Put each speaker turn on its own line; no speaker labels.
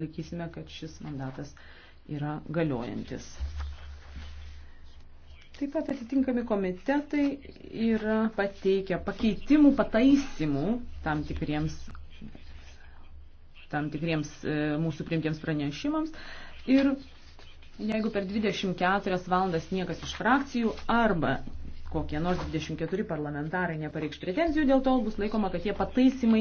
laikysime, kad šis mandatas yra galiojantis. Taip pat atitinkami komitetai yra pateikę pakeitimų, pataisimų tam tikriems, tam tikriems e, mūsų priimtiems pranešimams. Ir jeigu per 24 valandas niekas iš frakcijų arba kokie nors 24 parlamentarai nepareikš pretenzijų, dėl to
bus laikoma, kad tie pataisimai